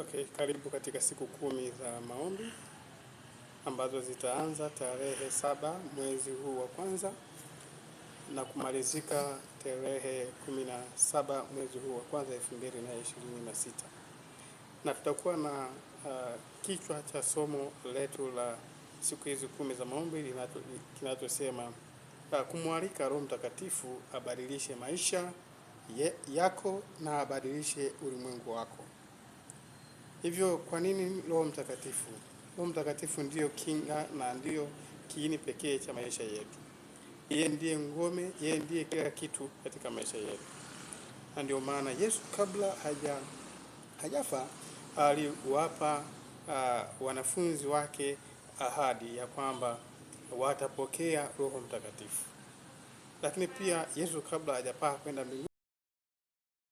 Okay, karibu katika siku kumi za maombi ambazo zitaanza tarehe saba mwezi huu wa kwanza na kumalizika tarehe kumi na saba mwezi huu wa kwanza elfu mbili na ishirini na sita na tutakuwa na uh, kichwa cha somo letu la siku hizi kumi za maombi kinachosema uh, kumwalika Roho Mtakatifu abadilishe maisha ye, yako na abadilishe ulimwengu wako. Hivyo kwa nini Roho Mtakatifu? Roho Mtakatifu ndiyo kinga na ndiyo kiini pekee cha maisha yetu. Yeye ndiye ngome, yeye ndiye kila kitu katika maisha yetu, na ndio maana Yesu kabla haja hajafa aliwapa uh, wanafunzi wake ahadi ya kwamba watapokea Roho Mtakatifu. Lakini pia Yesu kabla hajapaa kwenda mbinguni